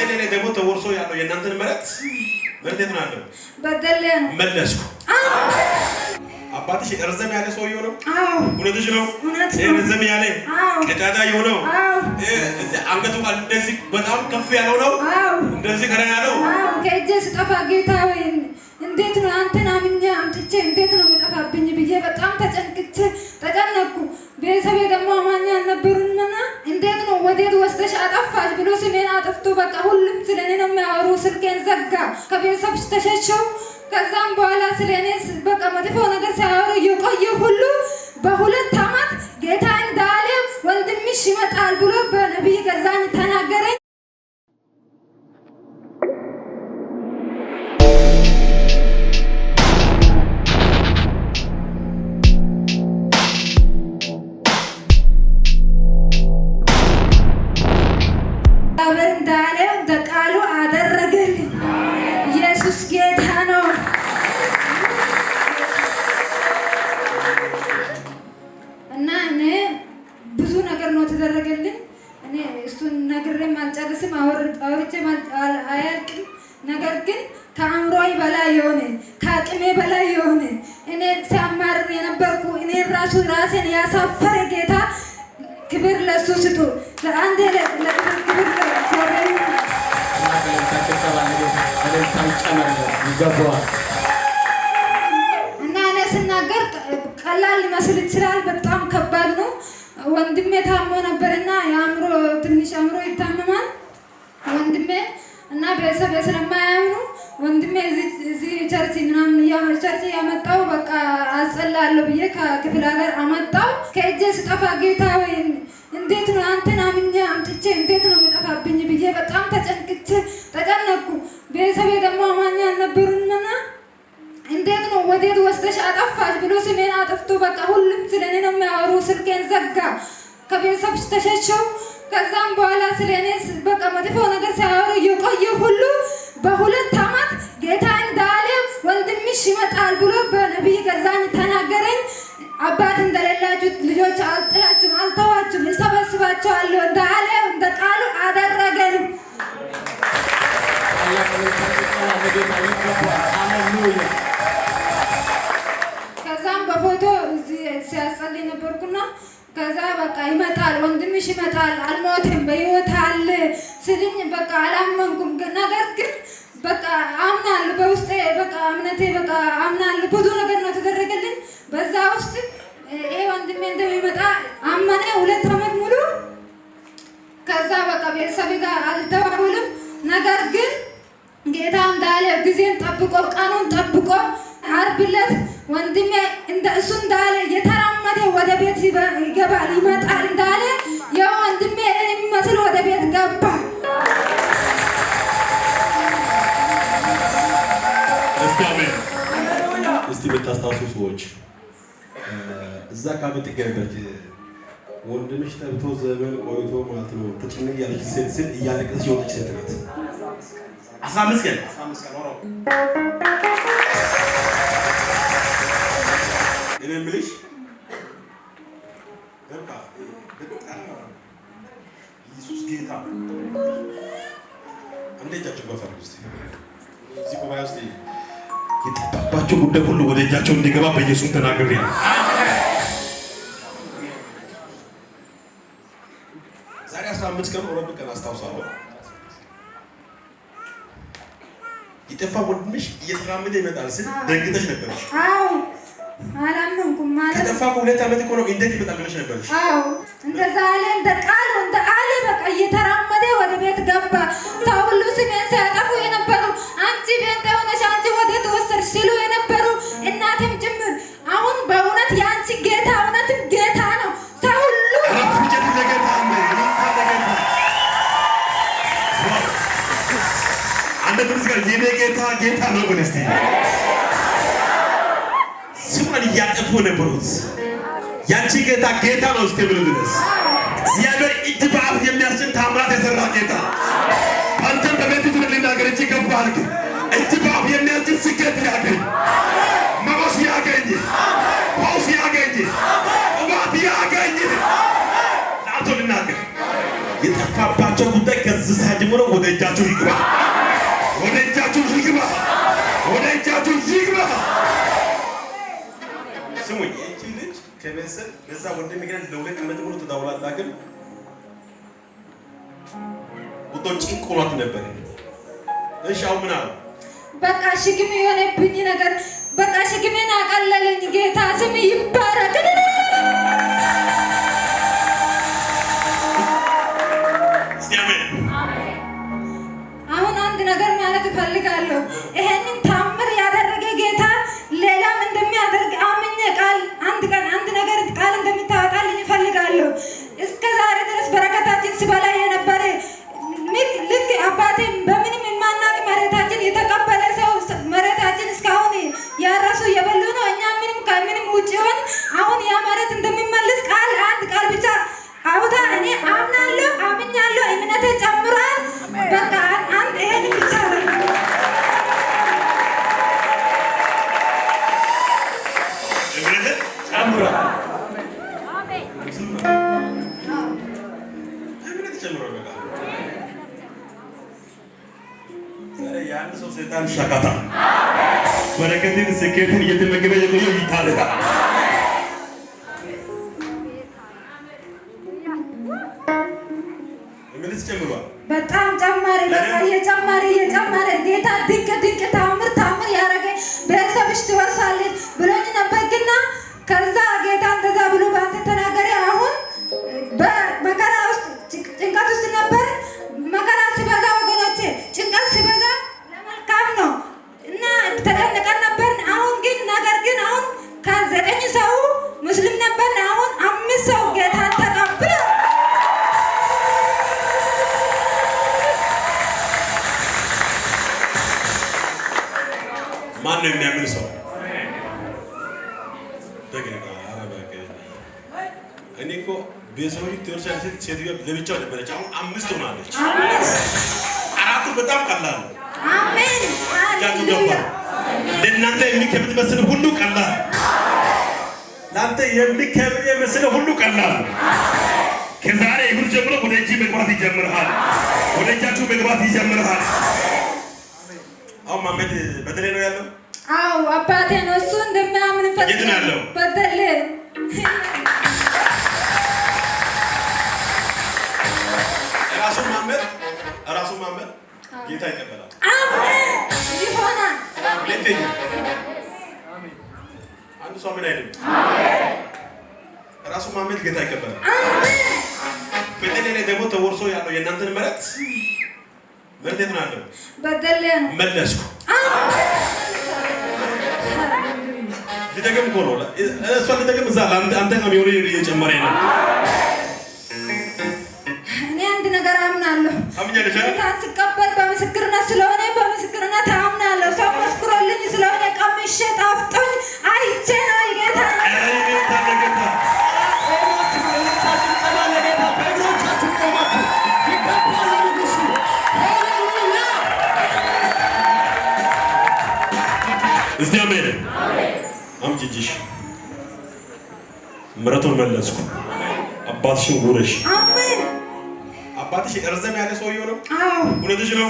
በቀሌ ላይ ደግሞ ተወርሶ ያለው የእናንተን መረት መረት የት ነው ያለው? በቀሌ መለስኩ። አባትሽ እርዘም ያለ ሰውዬ ነው። እውነትሽ ነው። እርዘም ያለ ቀጫጫ የሆነው አንገቱ እንደዚህ በጣም ከፍ ያለው ነው። እንደዚህ ከና ያለው ከእጄ ስጠፋ ጌታ እንዴት ነው አንተን አምኜ አምጥቼ እንዴት ነው የሚጠፋብኝ ብዬ በጣም ተጨንቅቼ ተጨነኩ። ቤተሰቤ ደግሞ አማኛ አልነበሩምና እንዴት ነው ወዴት ወስደሽ አጠፋሽ ብሎ ስሜን አጠፍቶ በቃ ዘጋ። ከቤተሰብ ተሸሸው። ከዛም በኋላ ስለ እኔ በቃ መጥፎ ነገር ሳያወሩ የቆየ ሁሉ በሁለት ዓመት ጌታ እንዳለ ወንድምሽ ይመጣል ብሎ በነቢይ ገዛኝ ተናገረኝ። እግዚአብሔር እንዳለ በቃሉ አደረገልኝ። አልጨርስም፣ አውርቼ አያልቅም። ነገር ግን ከአእምሮዬ በላይ የሆነ ከአቅሜ በላይ የሆነ እኔ ሲያማርር የነበርኩ እኔ ራሱ ራሴን ያሳፈረ ጌታ ክብር ለሱ ስቶ ለአንድ እና እኔ ስናገር ቀላል ሊመስል ይችላል። በጣም ከባድ ነው። ወንድሜ ታሞ ነበርና የአእምሮ ትንሽ አእምሮ ይታ ወንድሜ እና ቤተሰብ ስለማያምኑ ወንድሜ እዚህ ቸርች ምናምን ቸርች ያመጣው በቃ አስጸላለሁ ብዬ ከክፍለ ሀገር አመጣው። ከእጄ ስጠፋ ጌታ ወይ እንዴት ነው አንተን አምኜ አምጥቼ እንዴት ነው የሚጠፋብኝ ብዬ በጣም ተጨንቅቼ ተጨነኩ። ቤተሰቤ ደግሞ አማኝ አልነበሩምና እንዴት ነው ወዴት ወስደሽ አጠፋሽ ብሎ ስሜን አጠፍቶ በቃ ሁሉም ስለኔ ነው የሚያወሩ። ስልኬን ዘጋ። ከቤተሰብ ተሸሸው ከዛም በኋላ ስለ እኔ በቃ መጥፎ ነገር ሳያወሩ የቆየ ሁሉ በሁለት ዓመት ጌታ እንዳለ ወንድምሽ ይመጣል ብሎ በነቢይ ገዛኝ ተናገረኝ። አባት እንደሌላችሁ ልጆች አልጥላችሁም፣ አልተዋችሁም፣ እሰበስባችኋለሁ እንዳለ በቃ ይመጣል፣ ወንድምሽ ይመጣል፣ አልሞትም፣ በህይወት አለ ስልኝ በቃ አላመንኩም። ነገር ግን በቃ አምናለሁ፣ በውስጤ በቃ እምነቴ በቃ አምናለሁ። ብዙ ነገር ነው ተደረገልኝ። በዛ ውስጥ ይሄ ወንድሜ እንደሚመጣ አመነ። ሁለት አመት ሙሉ ከዛ በቃ ቤተሰብ ጋር አልተባሉም። ነገር ግን ጌታ እንዳለ ጊዜን ጠብቆ ቀኑን ጠብቆ አርብለት ወንድሜ ወንድሜ እሱ እንዳለ ወደ ቤት ይገባል ይመጣል እንዳለ የወንድሜ እኔን የሚመስል ወደ ቤት ገባ። እስቲ ብታስታውሱ ሰዎች እዛ ከምትገኝበት ወንድምሽ ጠብቶ ዘመን ቆይቶ ማለት ነው ተጨነቅ ያለች ሴት ስል እያለቀሰች የሆነች ሴት ናት። አስራ አምስት ቀን እኔ የምልሽ ጌታ አንዴ እጃችሁ በፈር ውስጥ እዚህ ጉባኤ ውስጥ የጠባባቸው ጉዳይ ሁሉ ወደ እጃቸው እንዲገባ በኢየሱስ ተናግሬ ነው። ዛሬ አስራ አምስት ቀን ሮብ ቀን አስታውሳለሁ። የጠፋ ወንድምሽ እየተራመደ ይመጣል ስል ደንግጠሽ ነበርሽ። አላመንኩም ማለት ከጠፋ ሁለት ዓመት እኮ እንዴት ይመጣል ብለሽ ነበርሽ። እንደዛ አለ እንደ ቃል እየተራመደ ወደ ቤት ገባ። ሰው ስሜን ሲያጠፉ የነበሩ አንቺ ቤት ሆነሽ አንቺ ወደ ተወሰድሽ ሲሉ የነበሩ እናትም ጭምር አሁን በእውነት የአንቺ ጌታ እውነትም ጌታ ነው። ሰው ሁሉ የኔ ጌታ ጌታ ነው። ስሟን እያጠፉ ነበሩት ያንቺ ጌታ ጌታ ነው እስከብሉ ድረስ እግዚአብሔር እጅ በአፍ የሚያስችል ታምራት የሰራ ጌታ አንተም በቤት ውስጥ ልናገር እጅ ገባልክ እጅ በአፍ የሚያስችል ስኬት ያገኝ መቆስ ያገኝ ፈውስ ያገኝ ቅባት ያገኝ ለአቶ ልናገር የጠፋባቸው ጉዳይ ከዚህ ሰዓት ጀምሮ ወደ እጃችሁ ይግባ ወደ እጃችሁ ይግባ ወደ እጃችሁ ይግባ ስሙኝ ከቤተሰብ በዛ ወደ ምክንያት ለውገት መጥሙር ተዳውላት አክል ወደ ጭንቁላት ነበር። እሺ አሁን ምን አለ? በቃ እሺ ግን የሆነብኝ ነገር በቃ እሺ ግን አቀለለኝ። ጌታ ስም ይባረክ። አሁን አንድ ነገር ማለት እፈልጋለሁ ይሄ ጀምሮ ይበቃል። የአንድ ሰው ሴጣን ሸካታ በረከትን ስኬትን እየተመገበ የቆየው ይታለታል። በቀን ቀን ነበርን። አሁን ግን ነገር ግን አሁን ከዘጠኝ ሰው ሙስሊም ነበር አሁን አምስት ሰው ጌታን ተቀብለ ማን ነው የሚያምን ሰው እኔ እኮ ቤተሰቦች ቴዎርሲያን ሴት ሴትዮ ለብቻው ነበረች። አሁን አምስት ሆናለች። አራቱ በጣም ቀላል ነው። አሜን ለእናንተ የሚከብድ መስል ሁሉ ቀላል፣ ለአንተ የሚከብድ የመስል ሁሉ ቀላል። ከዛሬ ይሁን ጀምሮ ወደ እጅ መግባት ይጀምርሃል። ወደ እጃችሁ መግባት ይጀምርሃል። አሁን ማመድ በደሌ ነው ያለው። አዎ አባቴ ነው እሱ እንደምናምን ፈጥናለሁ በደሌ ራሱ ማመድ ራሱ ማመድ ጌታ ይቀበላል። አሜን ይሆናል ሁለተኛ አንድ ሰው ምን አይልም። ራሱ ማመድ ጌታ ይቀበላል። በተለይ ላይ ደግሞ ተወርሶ ያለው የእናንተን ምሕረት ምሕረት የት ነው ያለው? መለስኩ ሊደገም እኮ እሷ ሊደገም እዛ አንተ ሚሆ እየጨመረ ነው። እኔ አንድ ነገር አምናለሁ አንቺ እጅሽ ምረቱን መለስኩ። አባትሽን ጉረሽ። አባትሽ እርዘም ያለ ሰው ነው። እውነትሽ ነው።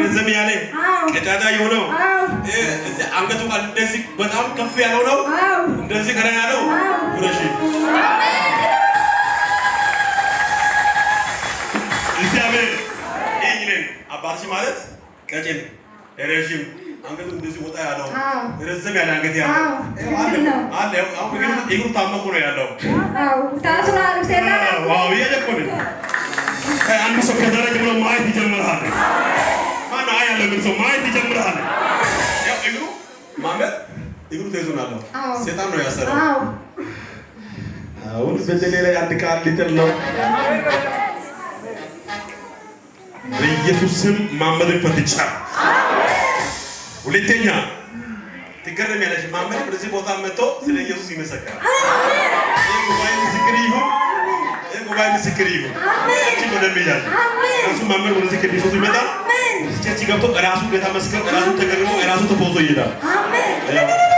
እርዘም ያለ ቀጫጫ የሆነው አንገቱ ቃል እንደዚህ በጣም ከፍ ያለው ነው። እንደዚህ ከላይ ያለው ጉረሽ። እግዚአብሔር ይህ አባትሽ ማለት ቀጭን ረዥም አንገቱ እንደዚህ ወጣ ያለው ረዘም ያለ አንገት ያለው አለ። አሁን ግን እግሩ ታመቁ ነው ያለው። ዋው የለኮን አንድ ሰው ከደረጀ ብሎ ማየት ይጀምራል። ማን አይ ያለ ምን ሰው ማየት ይጀምራል። ያው እግሩ ማለት እግሩ ተይዞ አለው ያለው። ሰይጣን ነው ያሰረው። አሁን በደሌ ላይ አንድ ቃል ሊጥል ነው። በኢየሱስ ስም ማመድን ፈትቻለሁ። ሁለተኛ ትገረም ያለሽ ማመድ ወደዚህ ቦታ መጥቶ ስለ ኢየሱስ ይመሰክራል። ጉባኤ ምስክር ይሁን፣ ጉባኤ ምስክር ይሁን። ወደም ራሱ ማመድ ወደዚህ ቅዱሱ ይመጣል። ቸርች ገብቶ ራሱ ቤተ መስከር ራሱ ተገርሞ ራሱ ተፖዞ ይሄዳል።